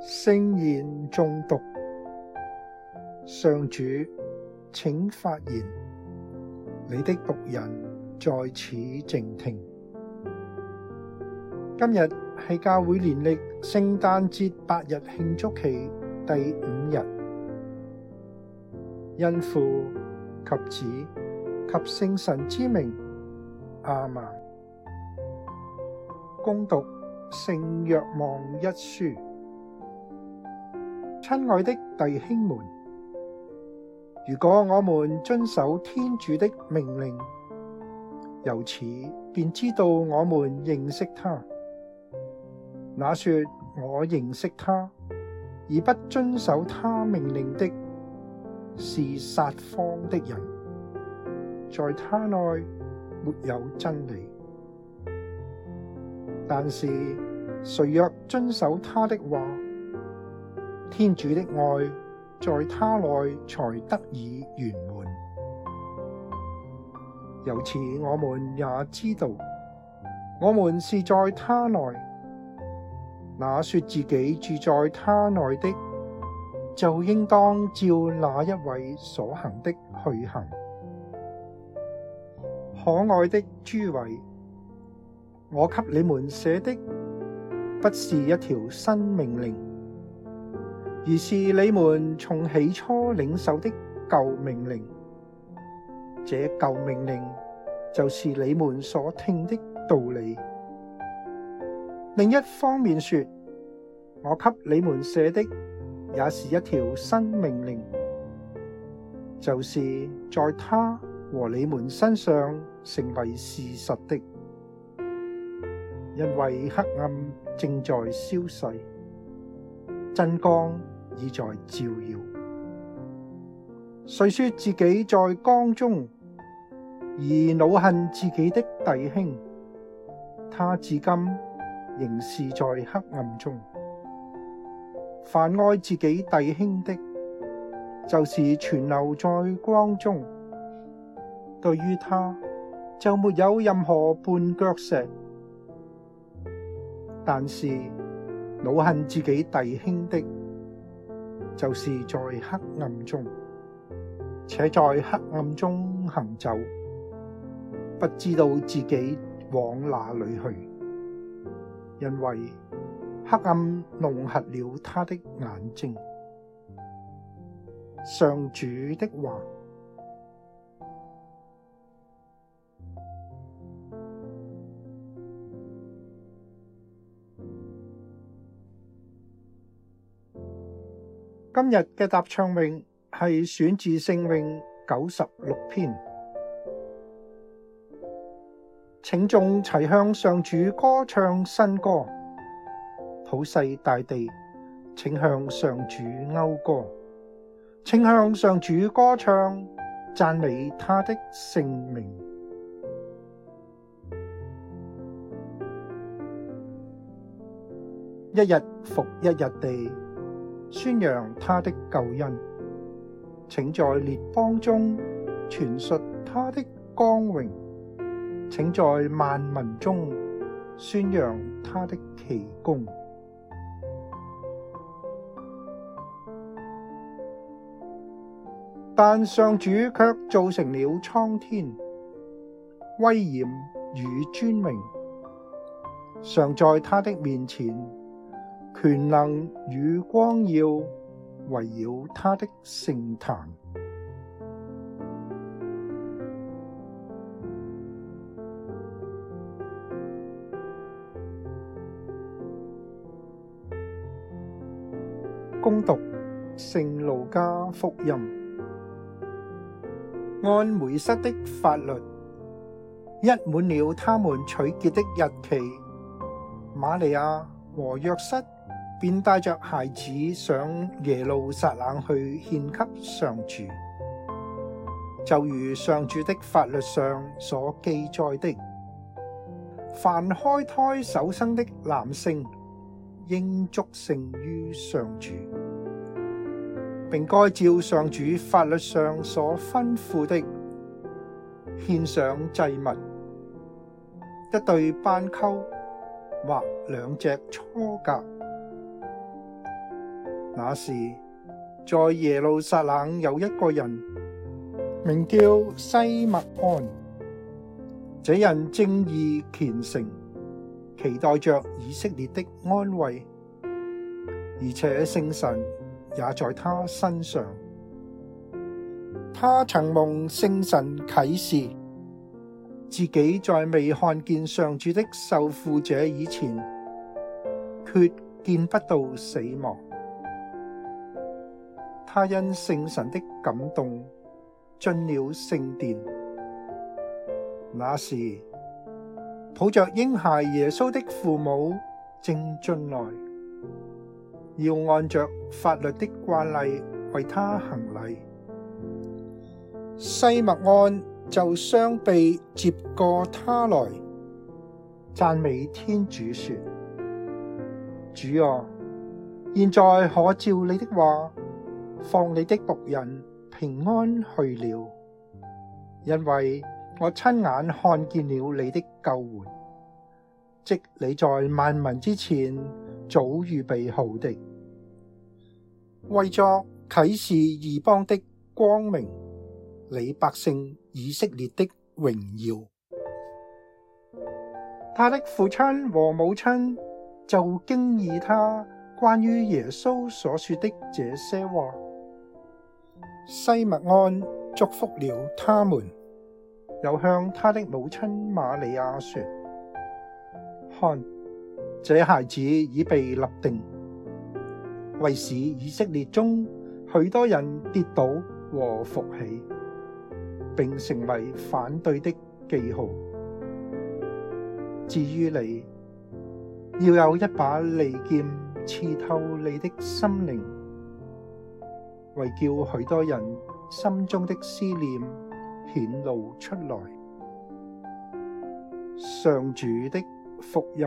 聖言誦讀，上主，請發言，你的僕人在此靜聽。今日係教會年曆聖誕節八日慶祝期。第五日，因父及子及聖神之名亞孟，恭讀聖若望一書。親愛的弟兄們，如果我們遵守天主的命令，由此便知道我們認識他。那說我認識他，而不遵守他命令的，是撒謊的人，在他內沒有真理。但是誰若遵守他的話，天主的愛在他內才得以圓滿。由此我們也知道，我們是在他內。那說自己住在他內的，就應當照那一位所行的去行。可愛的諸位，我給你們寫的，不是一條新命令，而是你們從起初領受的舊命令。這舊命令就是你們所聽的道理。另一方面說，我給你們寫的也是一條新命令，就是在他和你們身上成為事實的，因為黑暗正在消逝，真光已在照耀。誰說自己在光中而惱恨自己的弟兄，他至今，仍是在黑暗中，凡愛自己弟兄的，就是存留在光中；對於他，就沒有任何絆腳石。但是惱恨自己弟兄的，就是在黑暗中，且在黑暗中行走，不知道自己往哪裏去。因為黑暗弄瞎了他的眼睛。上主的話。今日嘅答唱詠係選自聖詠九十六篇。請眾齊向上主歌唱新歌，普世大地，請向上主謳歌，請向上主歌唱，讚美他的聖名，一日復一日地宣揚他的救恩，請在列邦中傳述他的光榮。請在萬民中宣揚他的奇功，但上主卻造成了蒼天，威嚴與尊榮，常在他的面前，權能與光耀圍繞他的聖壇。恭讀聖路加福音，按梅瑟的法律，一滿了他們取潔的日期，瑪利亞和若瑟便帶着孩子上耶路撒冷去獻給上主，就如上主的法律上所記載的，凡開胎首生的男性，應祝聖於上主。並該照上主法律上所吩咐的，獻上祭物：一對斑鳩或兩隻雛鴿。那時，在耶路撒冷有一個人，名叫西默盎，這人正義虔誠，期待着以色列的安慰，而且聖神，也在他身上。他曾蒙聖神啟示，自己在未看見上主的受傅者以前，決見不到死亡。他因聖神的感動進了聖殿，那時抱着嬰孩耶穌的父母正進來。要按着法律的慣例為他行禮，西默盎就雙臂接過他來，讚美天主說：主啊，現在可照你的話，放你的僕人平安去了，因為我親眼看見了你的救援。即你在萬民之前早預備好的。為作啟示異邦的光明，你百姓以色列的榮耀，他的父親和母親就驚異他關於耶穌所說的這些話。西默盎祝福了他們，又向他的母親瑪利亞說：看，這孩子已被立定。為使以色列中許多人跌倒和復起，並成為反對的記號。至於你，要有一把利劍刺透你的心靈，為叫許多人心中的思念顯露出來。上主的福音。